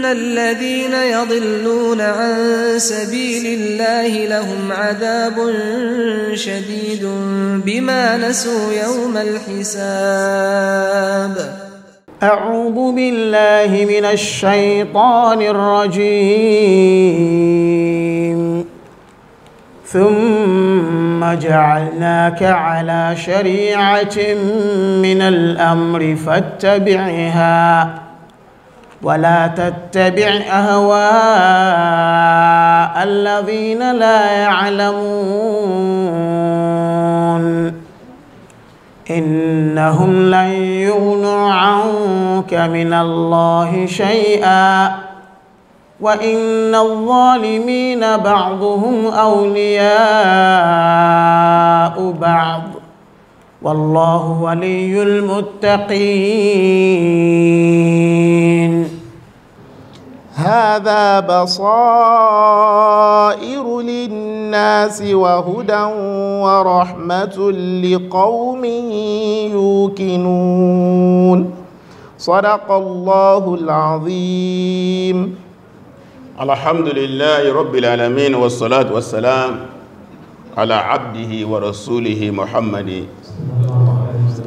إن الذين يضلون عن سبيل الله لهم عذاب شديد بما نسوا يوم الحساب أعوذ بالله من الشيطان الرجيم ثم جعلناك على شريعة من الأمر فاتبعها ولا تتبع اهواء الذين لا يعلمون انهم لن يغنوا عنك من الله شيئا وان الظالمين بعضهم اولياء بعض والله ولي المتقين هذا بصائر للناس وهدى ورحمة لقوم يوقنون صدق الله العظيم الحمد لله رب العالمين والصلاة والسلام على عبده ورسوله محمد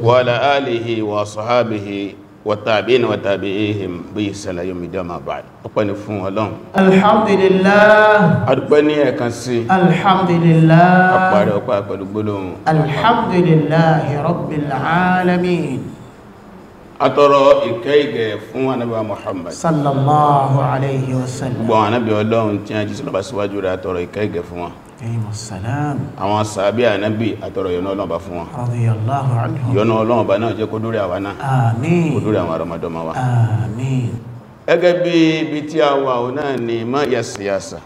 وعلى آله وصحابه wàtàbíyìn wàtàbí ihim bí i sẹlẹ̀ yóò mídí ọmọ báyìí ọpẹ́ ni fún ọlọ́run alhamdulillah adúpẹ́ ní ẹ̀kan sí alhamdulillah àpàrẹ ọpá pẹ̀lú gbólóhùn alhamdulillahi rabbil alamin atọrọ ìkẹ́ ìgẹ̀ fún anábà muhammad sallallahu àwọn sàábí ànábì àtọrọ yọ̀nà ọlọ́ọ̀bá fún wọn yọ̀nà ọlọ́ọ̀bá náà jẹ́ kó dúró àwọn náà kó dúró àwọn ọmọdọ́mọ wa ẹgẹ́ bí ibi tí a wà ò náà ni má yà síyàsà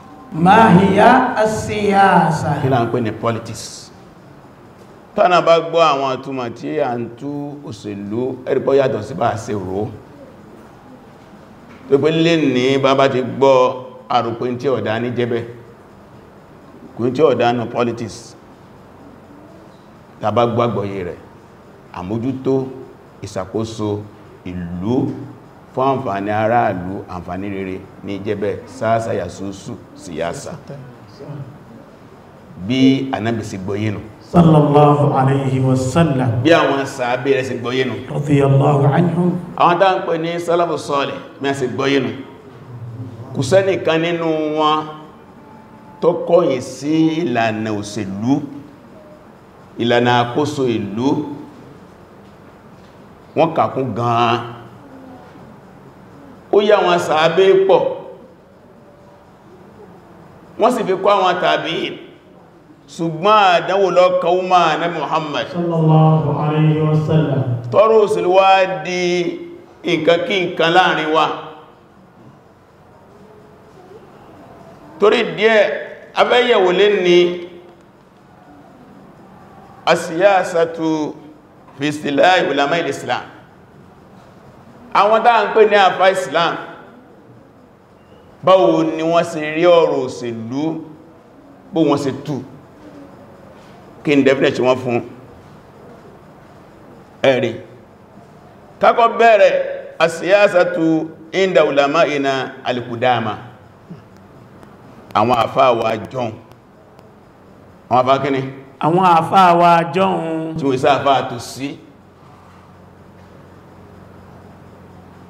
tó pé lè ní bá bá ti gbọ́ àròpin tí ọ̀dá ní jẹ́bẹ̀ẹ́ kò tí ó dánú politics tàbá gbàgbọ́yé rẹ̀ àmójútó ìṣàkóso ìlú fún àǹfààní aráàlú àǹfààní rere ní jẹ́bẹ̀ sáàsà yàsúsù síyásà bí Ànábì sí gbọ́yénu sallallahu alayhi wa sallam bí àwọn sàábé rẹ̀ sí gbọ́yénu radiyallahu anhum àwọn tá ń pè ní sálàbù sọ́ọ̀lẹ̀ mẹ́ sí kùsẹ́nìkan nínú wọn tó kọ̀yìn sí ìlànà òṣèlú ìlànà àkóso ìlú wọ́n kàkún gan-an ó yá wọn sàábé pọ̀ wọ́n sì fi kọ́ àwọn tàbí ṣùgbọ́n àdánwò lọ́kàn umar na Muhammad sallallahu alayhi wa sallam tọ́rọ òṣèlú wá di nǹkan kí nǹkan láàrin wa torí díẹ̀ abẹ́yẹ̀wò lè ní asíyásàtú fìsìlá ìwòlámá ilẹ̀ islam àwọn táà ń pè ní àfá islam báwo ni wọ́n ṣe rí ọ̀rọ̀ òṣèlú bó wọ́n ṣe tú kí n dẹ̀bìnẹ̀ ṣe wọ́n fún ẹ̀rí kákọ bẹ̀rẹ̀ asíyásàtú inda ìwòlámá ìna alìkùdáma àwọn àfáàwà john àwọn àfáà kíní àwọn àfáàwà john tí wọ́n isá àfáà tó sí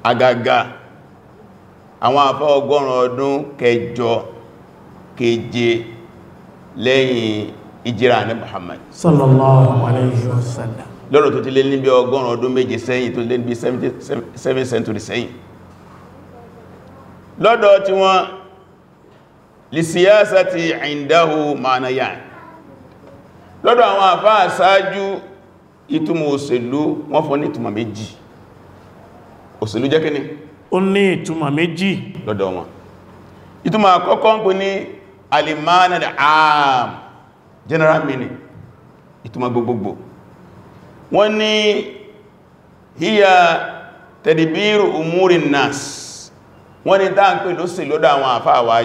àgàgà àwọn àfáà ọgọ́rùn ọdún kẹjọ keje lẹ́yìn ìjírà ní Muhammad alayhi wa sallam lọ́rọ̀ tó ti lé níbi ọgọ́rùn ọdún méje sẹ́yìn tó lé níbi 7 century sẹ́yìn lọ́dọ̀ tí wọ́n lisiyasati indahu manayan lọ́dọ̀ àwọn àfá àsáájú ìtumọ̀ òṣèlú wọ́n fún ní ìtumọ̀ méjì òṣèlú jẹ́ kíní ó ní ìtumọ̀ méjì lọ́dọ̀ wọn ìtumọ̀ àkọ́kọ́ ń pè ní alimana am general meaning ìtumọ̀ gbogbogbò wọ́n ní hiya tadbiru umuri nas wọ́n ní táà ń pè lóṣèlú lọ́dọ̀ àwọn àfá àwà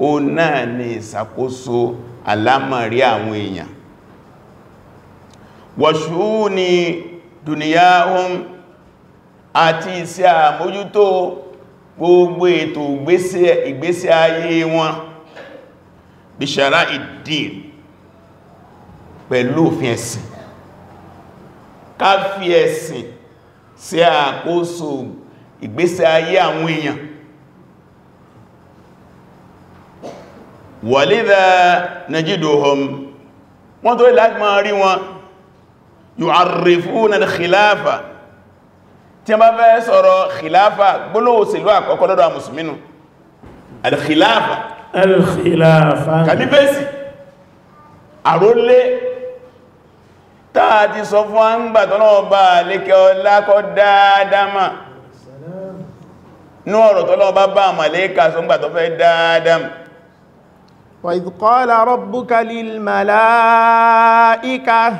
ó náà ni ìsàkóso alámàrí àwọn èèyàn wọ̀ṣú ni dùnìyà ohun àti iṣẹ́ àmójútó gbogbo ètò ìgbésí ayé wọn bíṣàrá ìdín pẹ̀lú òfin ẹ̀sìn ká fi ẹ̀sìn sí àkóso ìgbésí ayé àwọn èèyàn wàlídà najiduhum wọ́n tó láti máa rí wọn yu'arrifuna al-khilafa tí a bá fẹ́ sọ̀rọ̀ khilafa gbólóhùn òṣèlú àkọ́kọ́ lọ́dọ̀ àmùsùmínú al-khilafa al-khilafa kàlífẹ́sì àrólé táà ti sọ fún àǹgbà tọ́lọ́ọ̀bá lékẹ́ ọlákọ́ dáadáma ní ọ̀rọ̀ tọ́lọ́ọ̀bá bá àmàlẹ́kà sọ ń gbà tọ́fẹ́ dáadáma وإذ قال ربك للملائكة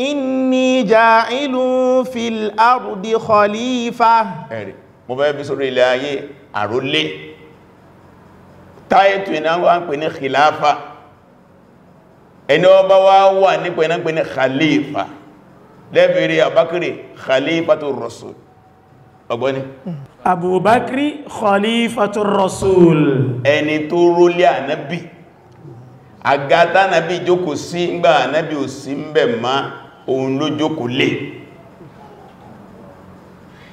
إني جاعل في الأرض خليفة ẹ̀rí mo fẹ́ bí sórí ilẹ̀ ayé àrólé táìtù iná wá ń pè ní khilafa ẹni ọba wá wà ní pè ní pè ní khalifa lẹ́bìrí àbákìrí khalifatu rasul ọgbọ́ni abubakiri khalifatu rasul ẹni tó rólé ànábì Agata nabi jókò sí ngbà nàbí ò sí ń bẹ̀ má òun ló jókò lè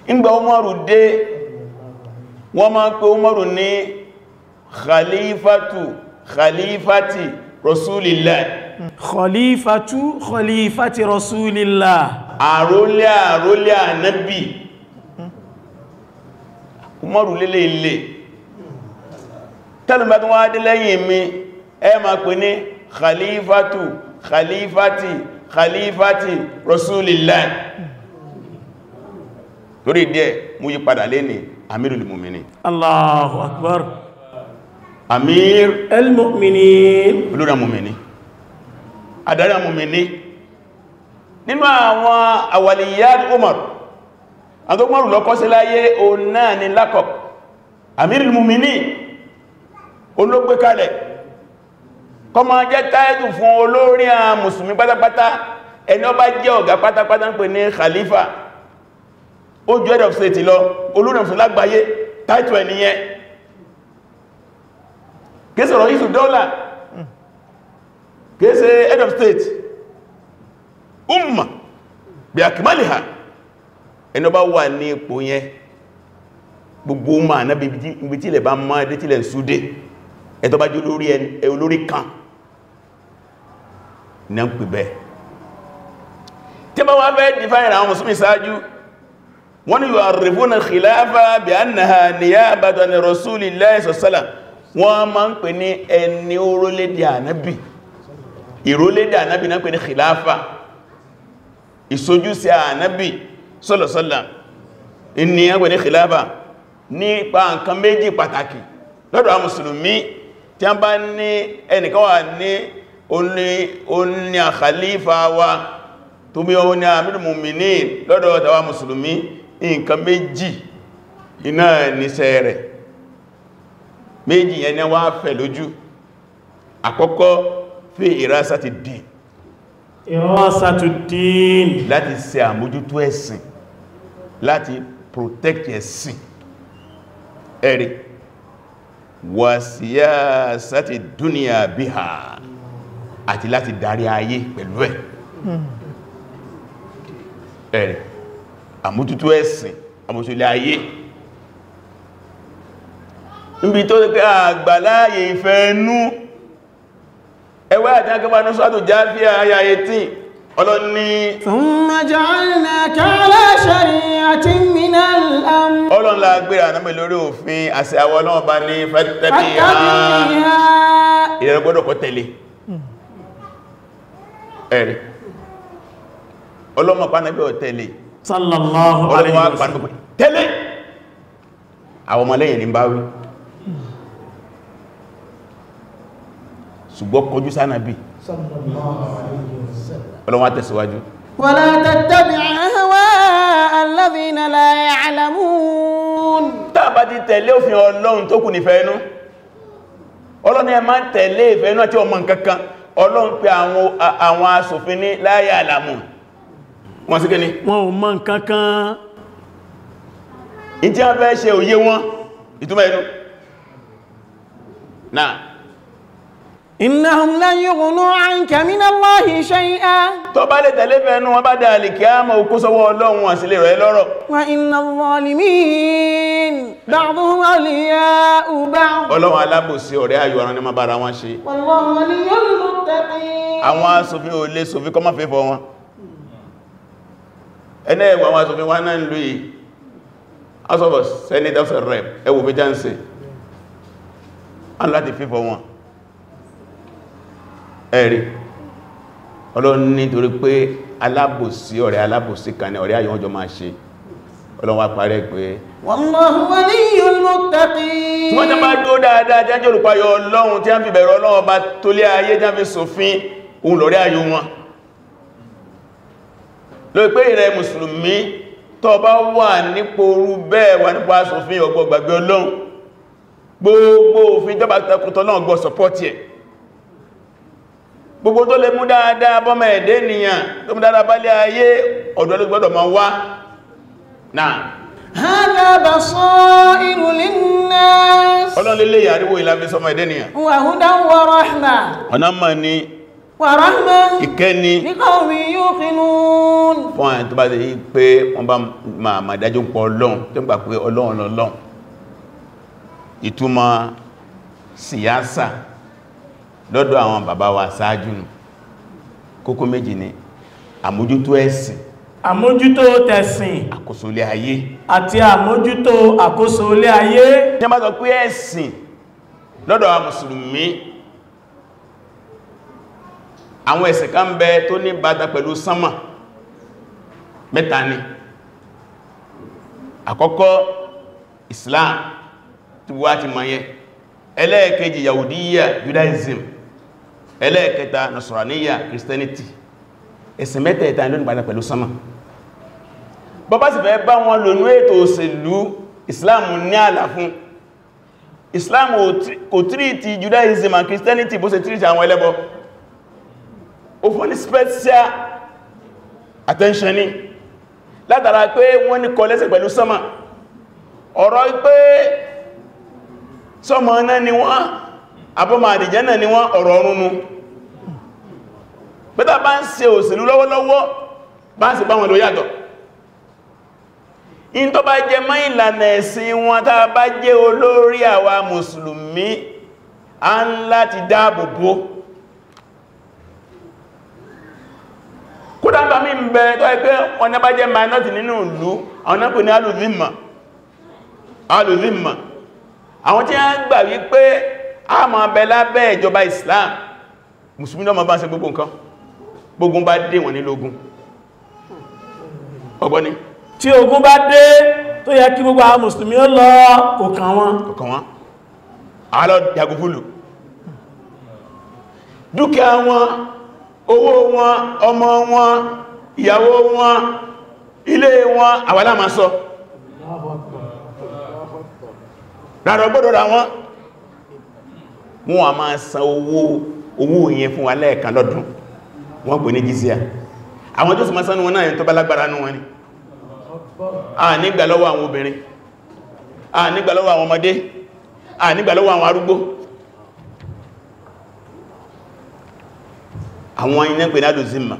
Umaru dé wọ́n máa pè Umaru ní khalifatu khalifati rasulillah khalifatu khalifati rasulillah àrólé àrólé nabi Umaru lélé ilé tẹ́lùmẹ́tún wá dé lẹ́yìn mi ẹ ma pè ní khalifatu khalifati khalifati rasulillah torí díẹ̀ mú yí padà lé ní amirul mu'minin allahu akbar amir al-mu'minin olóra mu'mini adarí mu'mini nínú àwọn awaliyad umar àtọ́gbọ́rù lọ́kọ́ sí láyé o náà ni lákọ̀ọ́ amirul mu'minin olóògbé kalẹ̀ kọ́ máa jẹ́ táìtù fún olórin àwọn mùsùlùmí pátápátá ẹni ó bá jẹ́ ọ̀gá pátápátá ń pè ní khalifa ó jù head of state lọ olórin mùsùlùmí lágbàáyé táìtù ẹniyẹn kéèsè rọ̀ yíṣù dọ́là kéèsè head of state umma bí akimaliha ẹni ó bá wà ní ipò yẹn gbogbo ma náà bí tí ilẹ̀ bá máa dé tí ilẹ̀ ń súdé ẹ̀ tó bá jẹ́ olórí kan náà pè bẹ́ tí bá wá bẹ́ dìfáìrà àwọn musulmi sáájú wọ́n ni yu'arrifuna al-khilafa bi annaha niyabatan an rasulillahi sallallahu alaihi wasallam wọ́n máa ń pè ní ẹni orólédé ànábì ìrólédé ànábì náà pè ní khilafa ìsojú sí ànábì sallallahu alaihi wasallam ènìyàn pè ní khilafa nípa nǹkan méjì pàtàkì tí a bá ní ẹnìkan wà ní ó ní àkàlífà wa tó bí ó ní àmìrì mùmìnì lọ́dọ̀ tàwa mùsùlùmí nǹkan méjì iná níṣẹ́ rẹ̀ méjì yẹn ni wá fẹ̀ lójú àkọ́kọ́ fi ìrásá ti dì ìrásá ti dì láti ṣe àmójútó ẹ̀sìn láti protect ẹ̀sìn ẹ̀rì wàsíyà sáti dúnìyà bíhà mm àti láti darí ayé pẹ̀lú ẹ̀ ẹ̀rẹ̀ àmójútó ẹ̀sìn àmójúlé ayé níbi tó ti pé àgbàláyè ìfẹ́ ẹnú ẹwẹ́ àti agbábanú sọ́tò jáfíà ayá 18 ọlọ́ni thumma ja'alnaka ala shari'atin minal amr ọlọ́n la gbéra náà lórí òfin àti ọlọ́ọ̀bá ní fẹ́tẹ́bí ìrẹ̀gbọ́dọ̀ tẹ̀lé ẹ̀rẹ̀ ọlọ́mọ pàánàbí ò tẹ́lẹ̀ sallallahu alaihi wasallam tẹ́lẹ̀ àwọn ọmọlẹ́yìn ní bá wí ṣùgbọ́n kọjú sánàbí ọlọ́wọ́ tẹ̀síwájú wala tattabi' ahwa alladhina la ya'lamun tàbá ti tẹ̀lé òfin ọlọ́run tó kù nífẹ́ ẹnu ọlọ́run ẹ máa tẹ̀lé ìfẹ́ ẹnu àti ọmọ nǹkankan ọlọ́run pé àwọn asòfin ní láyé àlàmù wọ́n sí kíni wọ́n ò mọ̀ nǹkankan in tí a fẹ́ ṣe òye wọn ìtumẹ̀ inú náà innahum lan yughnu anka min Allahi shay'a tó bá lè tẹ̀lé fẹ́nu wọn bá dá alìkíyàmọ̀ òkú sọwọ́ ọlọ́run àsìlè rẹ̀ lọ́rọ̀ wa inna adh-dhalimin ba'duhum awliya'u ba'd ọlọ́run alábòsí ọ̀rẹ́ ayò aran ní ma bára wọn ṣe wallahu waliyyul muttaqin àwọn asòfin ò lè sòfin kọ́ má fẹ́ fọ́ wọn ẹnẹ́ ẹ̀wọ̀ àwọn asòfin wọn náà ń lú yìí asọ́fọ̀ senators rep ẹwọ̀ fi jáǹsì aláti fífọ́ wọn ẹ̀rí ọlọ́run nítorí pé alábòsí ọ̀rẹ́ alábòsí kan ní ọ̀rẹ́ àyíwọ́n jọ máa ṣe ọlọ́run wá parẹ́ pé wallahu waliyul muttaqin tí wọ́n jẹ́ bá dó dáadáa jẹ́ olùpayọ ọlọ́run tí a fi bẹ̀rẹ̀ ọlọ́run bá tó ayé jẹ́ fi sòfin ohun lọ́rẹ́ ayé wọn lórí pé ìrẹ́ mùsùlùmí tó bá wà nípo orú bẹ́ẹ̀ wà nípa sòfin ọgbọ̀ gbàgbé ọlọ́run gbogbo òfin jọba tẹkùtọ́ náà gbọ́ sọpọ́tì ẹ̀ gbogbo tó lè mú dáadáa bọ́mọ̀ ẹ̀dẹ́ ènìyàn tó mú dáadáa bá lé ayé ọ̀dọ̀ ló gbọ́dọ̀ máa wá náà hādhā baṣā'iru lin-nās ọlọ́lélé ìyàríwò ìlàfí sọmọ ẹ̀dẹ́ ènìyàn ìtumọ̀ síyásà lọ́dọ̀ àwọn bàbá wa ṣáájú nù kókó méjì ni àmójútó ẹ̀sìn àmójútó tẹ̀sìn àkóso olé ayé àti àmójútó a sọ pé ẹ̀sìn lọ́dọ̀ àwọn musulmi àwọn ẹ̀sìn kan bẹ tó ní bàtà pẹ̀lú sánmà mẹ́ta ni àkọ́kọ́ Islam tí wá ti mọ̀ yẹ ẹlẹ́ẹ̀kẹta nasọ̀ràníyà christianity ẹ̀sìn mẹ́tẹ̀ẹ̀ta lónìí padà pẹ̀lú sánmà bọ́bá sì fẹ́ bá wọn lónú ètò òṣèlú islam ní àlà fún islam kò tírìtì judaism and christianity bó ṣe tírìtì àwọn ẹlẹ́bọ ó fún ní special attention ní látara pé wọ́n ní kọ lẹ́sẹ̀ pẹ̀lú sánmà ọ̀rọ̀ pé sánmà náà ni wọ́n abọ́mà àdìjẹ́nà ni wọ́n ọ̀rọ̀ ọ̀rúnnú pẹ́ta bá ń ṣe òṣèlú lọ́wọ́lọ́wọ́ bá ń ṣe bá wọn ló yàtọ̀ in tó bá jẹ mọ́ ìlànà ẹ̀sìn wọn tá bá jẹ́ olórí àwa mùsùlùmí a ń láti dáàbòbò kódà bá àwọn tí a ń gbà wípé a ma bẹ lábẹ́ ìjọba Islam musulmi náà ma bá ń ṣe gbogbo nǹkan gbogbo bá dé wọn ní lógún ọgbọ́ni tí ogun bá dé tó yẹ kí gbogbo àwọn musulmi ó lọ kòkàn wọn kòkàn wọn àálọ́ yagufulu dúkìá wọn owó wọn ọmọ wọn ìyàwó wọn ilé wọn àwàlá ma sọ rárọ̀ gbọ́dọ̀ ra wọn wọ́n wà máa san owó owó yẹn fún wa lẹ́ẹ̀kan lọ́dún wọ́n pè ní jizia àwọn tó sì máa sánú wọn náà tó bá lágbára nú wọn ni a nígbà lọ́wọ́ àwọn obìnrin a nígbà lọ́wọ́ àwọn ọmọdé a nígbà lọ́wọ́ àwọn arúgbó àwọn iná pè nádò zimma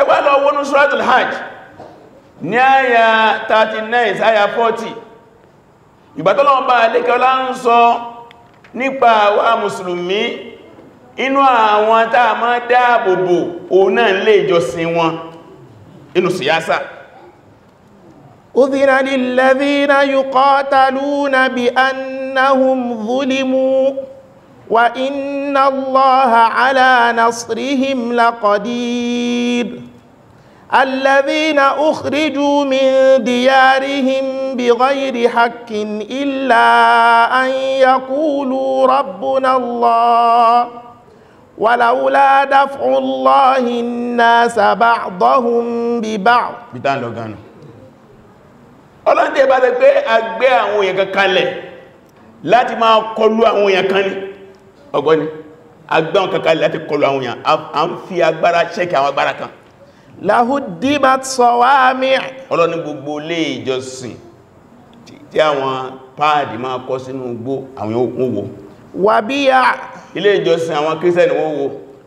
ẹgbà lọ wọnú suratul hajj ní ìgbàtọ́lọ́wọ́ bá lẹ́kẹ́ ọlá ń sọ nípa àwa mùsùlùmí inú àwọn táà máa dáàbòbò òun náà lè ìjọsìn wọn inú siyasa أذن للذين يقاتلون بأنهم ظلموا وإن الله على نصرهم لقدير الذين أخرجوا من ديارهم بغير حق إلا أن يقولوا ربنا الله ولولا دفع الله الناس بعضهم ببعض بتان لوغان ọlọ́dẹ̀ bá tẹ́ pé àgbẹ́ àwọn èèyàn kan kalẹ̀ láti máa kọlu àwọn èèyàn kan ní ọgbọ́ni àgbẹ́ àwọn kan kalẹ̀ láti kọlu àwọn èèyàn a ń fi agbára ṣẹ́kì àwọn agbára kan lahudimat sawami ọlọ́ni gbogbo ilé ìjọsìn tí àwọn páàdì máa kọ́ sínú gbó àwọn owó wàbíyà ilé ìjọsìn àwọn kírísẹ́nì wọ́n wo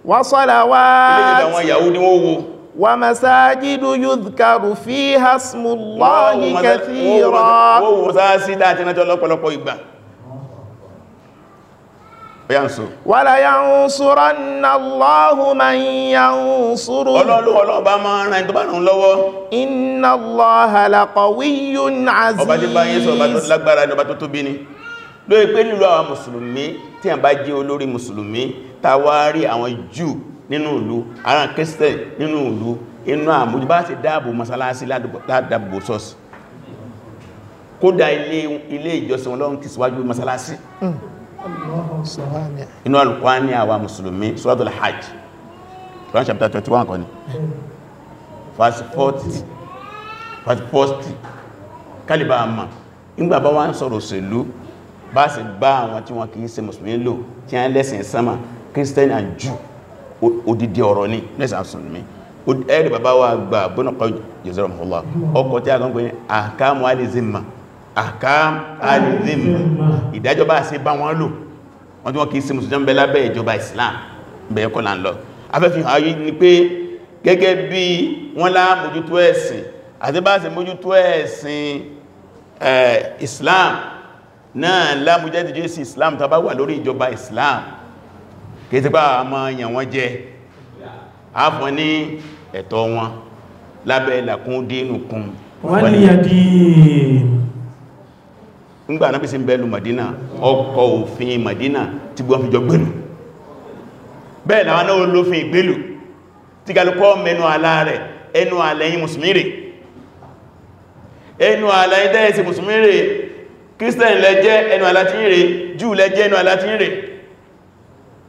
wà sọ́làwà ilé ìjọsìn àwọn Yahudi wọ́n wo wà masájídú yudhkaru fi hasmullahi kathira wọ́n wo wala yansuranna Allahu man yansuru ọlọ́lọ́wọ́ ọlọ́ọ̀bá máa ń ràn nínú ìlú àwọn kírísítẹ̀ nínú ìlú inú àmójú bá ti dáàbò masalasi ládàbò sọ́ọ̀sì kódà ilé ìjọsìn ọlọ́run ti síwájú masalasi mm inú alùkwáni àwa musulmi suratul hajj Quran chapter 21 kọ́ ni verse 40 verse 40 kálíbà àmà ìgbà bá wá ń sọ̀rọ̀ òṣèlú bá sì bá àwọn tí wọ́n kìí ṣe musulmi lò tí a ń lẹ́sìn sánmà Christian and Jew odidi ọ̀rọ̀ ni lẹ́sìn musulmi ẹ̀rì bàbá wa gbà bọ́nà kọ́ jẹ́sẹ̀rọ̀ mọ́lá ọkọ̀ tí a gọ́gbẹ̀ àkámọ́ alìzimma àkám alìzim ìdájọ́ bá ṣe bá wọn lò wọ́n tí wọ́n kìí ṣe mùsùlùmí bẹ lábẹ́ ìjọba Islam bẹ̀yẹ kọ́ láńlọ afẹ́fihàn ayé ni pé gẹ́gẹ́ bí wọ́n lá mójútó ẹ̀sìn àti bá ṣe mójútó ẹ̀sìn Islam náà lámújẹ́ ti jésì Islam tàbá wà lórí ìjọba Islam kìí ti bá àmọ́ yàn wọ́n jẹ àfọn ní ẹ̀tọ́ wọn lábẹ́ ìlàkún dínú kun ni yà dínú ńgbà náà bí sí bẹ̀lú Madina ọkọ̀ òfin Madina tí gbọ́n fi jọ gbẹ̀lú bẹ́ẹ̀ làwọn náà lófin ìgbẹ̀lú tí galùkọ́ mẹ́nu àlá rẹ̀ ẹnu àlẹ́yìn musulmi rẹ̀ ẹnu àlẹ́yìn tẹ́ẹ̀sì musulmi rẹ̀ kírísítẹ̀n lẹ́jẹ́ ẹnu àlátín rẹ̀ jù lẹ́jẹ́ ẹnu àlátín rẹ̀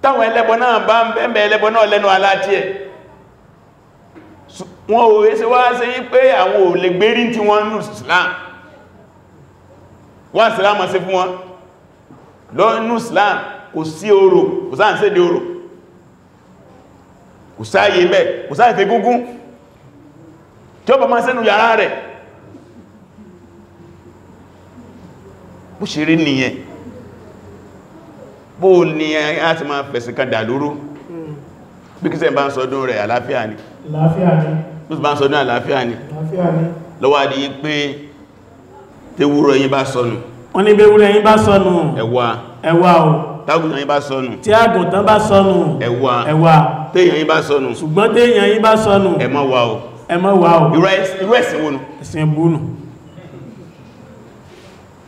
táwọn ẹlẹ́bọ náà bá ń bẹ́ẹ̀mẹ́ ẹlẹ́bọ náà lẹ́nu àlátí ẹ̀ wọn ò rẹ̀ sí wá sí pé àwọn ò lè gbérí tí wọ́n ń Islam wọ́n islam ṣe fún wọn lọ́nà islam kò sí orò kò sáà ń ṣe di orò kò sáàyè mẹ́ kò sáà ìfẹ́ gúngún tí ó bọ̀ máa sẹ́nu yàrá rẹ̀ bó ṣe rí nìyẹn bó ní a ti máa fẹ̀sìn kan dà lóró bí kí sẹ́ bá ń sọdún rẹ̀ àlàáfíà ni àlàáfíà ni lọ́wọ́ adìyí pé tewúrọ̀ yín bá sọnù wọ́n ní bẹ́wúrẹ́ yín bá sọnù ẹ̀wà ẹ̀wà o tágùtàn yín bá sọnù tí àgùntàn bá sọnù ẹ̀wà ẹ̀wà téèyàn yín bá sọnù ṣùgbọ́n téèyàn yín bá sọnù ẹ má wá o ẹ má wá o irú ẹ̀sìn wọnù ẹ̀sìn búnù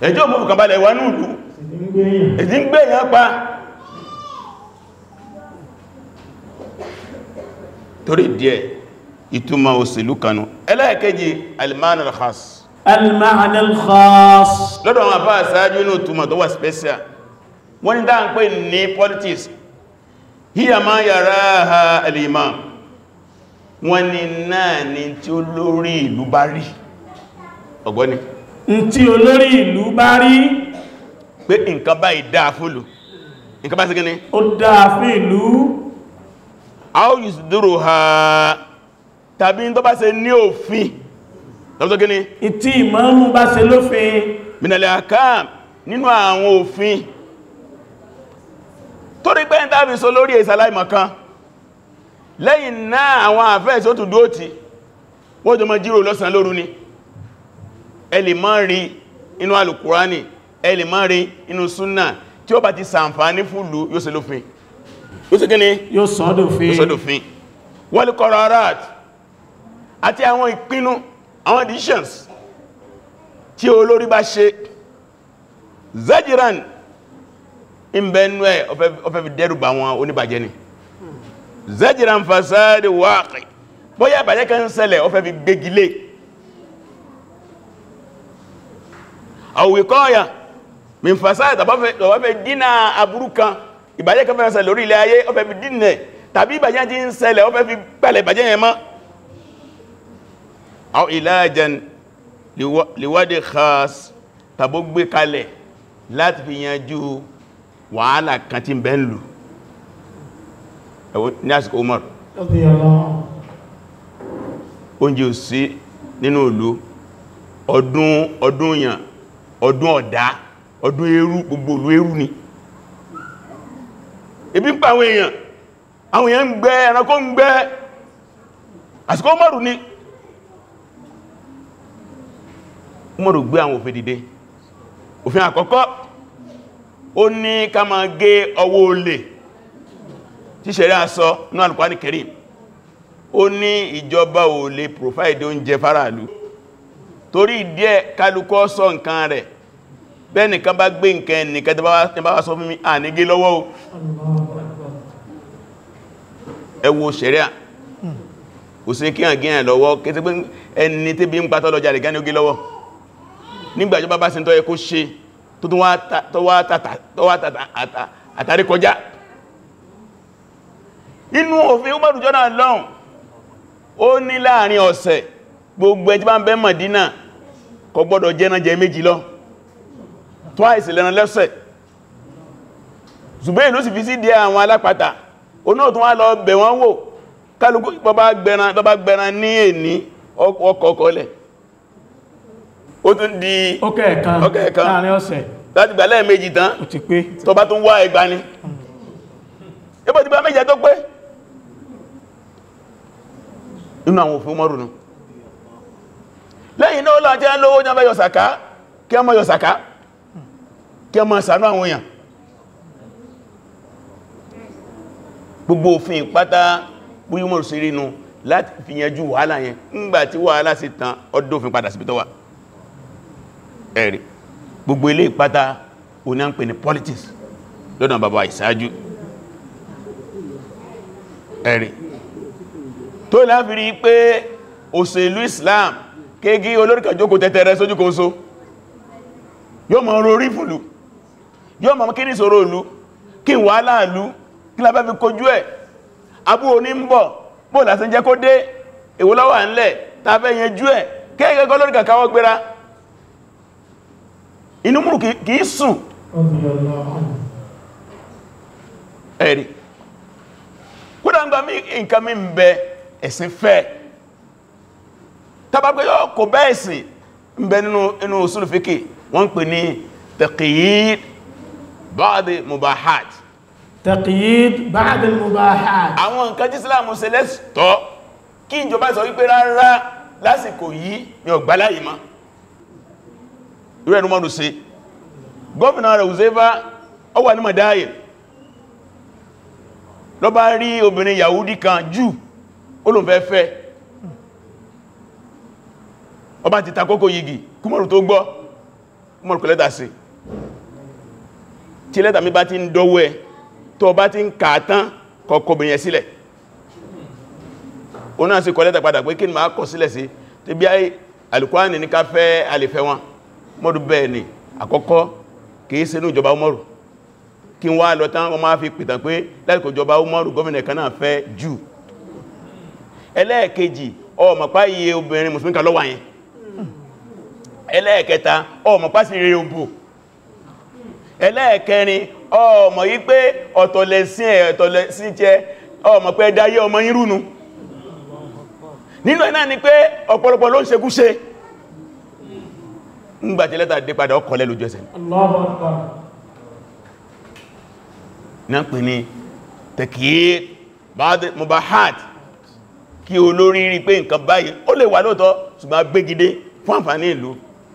ẹjọ́ mọ̀ kàbàlẹ̀ wà nùlù ẹ̀dí ń gbé èèyàn pa torí díẹ̀ ìtumọ̀ òṣèlú kanú ẹlẹ́ẹ̀kejì almanul khas al-ma'na al-khass lọ́dọ̀ wọn àfáà sáájú inú túmọ̀ tó wà special wọ́n ni dáa ń pè ní politics hiya ma yaraha al-imam wọ́n ni náà ni tí olórí ìlú bá rí ọgbọ́ni tí olórí ìlú bá rí pé nǹkan báyìí dáa fúlù nǹkan bá sí gíní ó dáa fún ìlú a ó dúró ha tàbí tó bá ṣe ní òfin lọ́pọ̀ gíní ìtí ìmáàmù bá ṣe lófin minalẹ̀ àkáàm nínú àwọn òfin tó rí pé ń tàbí so lórí ìsàláìmọ̀kan lẹ́yìn náà àwọn àfẹ́ ìsótù dóòtì wọ́n jọ mọ́ jírò lọ́sàn lóru ni ẹ lè má rí inú alùkùránì ẹ lè má rí inú súnnà tí ó bá ti sàǹfàní fúlù yóò ṣe lófin yóò ṣe sọ́dọ̀fin àti àwọn ìpinnu àwọn decisions tí olórí bá ṣe zajiran ìbẹ̀nú ẹ̀ ọ̀fẹ́ fi dẹ́rùbà wọn oníbàjẹ́ ni zajiran fasadi waqi bóyá ìbàjẹ́ kan ṣẹlẹ̀ ọ̀fẹ́ fi gbégilé àwòkọ́ọ̀yà min fasadi tàbáfẹ́ dínà aburú kan ìbàjẹ́ kan fẹ́ ṣẹlẹ̀ lórí ilẹ̀ ayé ọ̀fẹ́ fi dínà tàbí ìbàjẹ́ ti ń ṣẹlẹ̀ ọ̀fẹ́ fi pẹ̀lẹ̀ ìbàjẹ́ yẹn mọ́ aw ilajan liwadi khas tàbó gbé kalẹ̀ láti fi yanjú wàhálà kan tí bẹ́ ń lù ẹ̀wọ́n ní àsìkò Umar oúnjẹ ò sí nínú ìlú ọdún ọdún yàn ọdún ọ̀dá ọdún eérú gbogbo ìlú eérú ni ebi ń pa àwọn èèyàn àwọn èèyàn ń gbẹ́ ẹranko ń gbẹ́ àsìkò Umaru ni Umaru gbé àwọn òfin dìde òfin àkọ́kọ́ ó ní ká máa gé ọwọ́ olè tí ṣẹ̀rẹ́ àsọ ní Al-Qur'ani Karim ó ní ìjọba ò lè provide oúnjẹ faraàlú torí díẹ̀ kálukọ́ sọ nǹkan rẹ̀ bẹ́ẹ̀nìkan bá gbé nǹkan ẹnìkan tí bá wá sọ fún mi à ní gé hmm. ẹni tí bí ń patọ́lọ́jà lè ní ó lọ́wọ́ nígbà ìjọba bá ṣe tó yẹ kó ṣe tó tún wá àtàrí kọjá inú òfin Umaru Jordan lọ́hùn ó ní láàrin ọ̀sẹ̀ gbogbo ẹjí bá ń bẹ Mọ̀dínà kò gbọ́dọ̀ jẹ́nà jẹ méjì lọ twice lẹ́ran lẹ́sẹ̀ Zubair ló sì fi sí díẹ̀ àwọn alápàtà oná tó wá lọ bẹ̀ wọ́n wò kálukú bọ́bá gbẹran ní èní ó tún di ọkẹ̀ẹ̀kan láàrin ọ̀sẹ̀ láti gbà lẹ́ẹ̀mejì tán tó bá tún wá ẹgbà ni ẹbọ̀ ti bá méjì tó pé inú àwọn òfin mọ́rùn ún lẹ́yìn náà lájẹ́ lówó jẹ́ mẹ́yọ sàká kí a mọ́ yọ sàká kí a mọ́ sàánú àwọn èèyàn gbogbo òfin pátá búyúmọ̀rù sí rínú láti fi yanjú wàhálà yẹn ńgbà tí wàhálà sí tán ọdún òfin padà sí pítọ́wàá ẹ̀rí gbogbo ilé ìpátá oní à ń politics lọ́nà bàbá ìsáájú ẹ̀rí tó láfiri pé òṣèlú Islam kéèkì olóríkà jókòó tẹ́tẹ́rẹ́ sójú so yóò mọ̀ orí fùlù yóò mọ̀ kí ní kí wà láàlú kí lábẹ́ fi kojú ẹ̀ abú oní ń bọ̀ bóòlá sí jẹ́ kó dé inú múrù kìí sùn ẹ̀rí kódà ń gba mí nǹkan mí ń bẹ ẹ̀sìn fẹ́ tàbá pé yọ́ kò bẹ́ ẹ̀sìn ń bẹ nínú usulu fiqh wọ́n ń pè ní taqyid ba'd mubahat àwọn nǹkan tí Islam ṣe lẹ́sìtọ́ kí ìjọba sọ wípé rárá lásìkò yìí ni ọ̀gbáláyìí máa irú ẹnu mọ́nu sí gọ́ọ̀nà rẹ̀ uzeva ó wà ní mọ̀dáyè lọ bá rí obìnrin yahudi kan jù olùfẹ́fẹ́ ọba ti takókò yìí kúmọ̀rù tó gbọ́ kúmọ̀rù kò lẹ́tà sí tí lẹ́tà mi bá ti ń dọ́wọ́ ẹ tó bá ti ń kàátán kọkọbìnrin sílẹ̀ o náà sí kọ lẹ́tà padà sílẹ̀ sí ní ká fẹ́ alìfẹ́ wọn mọ́rù bẹ́ẹ̀ ni àkọ́kọ́ kìí ṣe ní ìjọba umaru kí wá lọ tán wọ́n máa fi pìtàn pé lẹ́kọ̀ọ́ ìjọba umaru gómìnà kan fẹ́ jù ẹlẹ́ẹ̀kejì ọmọpá iye obìnrin mùsùlùmí kan lọ́wà yẹn ẹlẹ́ẹ̀kẹta ọmọpá sí ẹlẹ́ẹ̀kẹrin ọmọ yí pé ọmọ ńgbàtí lẹ́tà dé padà ọkọ̀lẹ́ lójú ẹsẹ̀ náà pè ní tẹ̀kìí mubahat kí olórí rí pé nǹkan báyìí ó lè wà lóòtọ́ ṣùgbọ́n gbégidé fún àǹfààní ìlú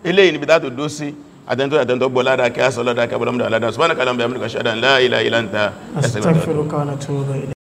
eléyìí níbi tàtò dó sí àtẹ́ntọ́ àtẹ́ntọ́ gbọ́ ládá kí á sọ ládá kí á bọ́lọ́mdà ládá la ilaha illa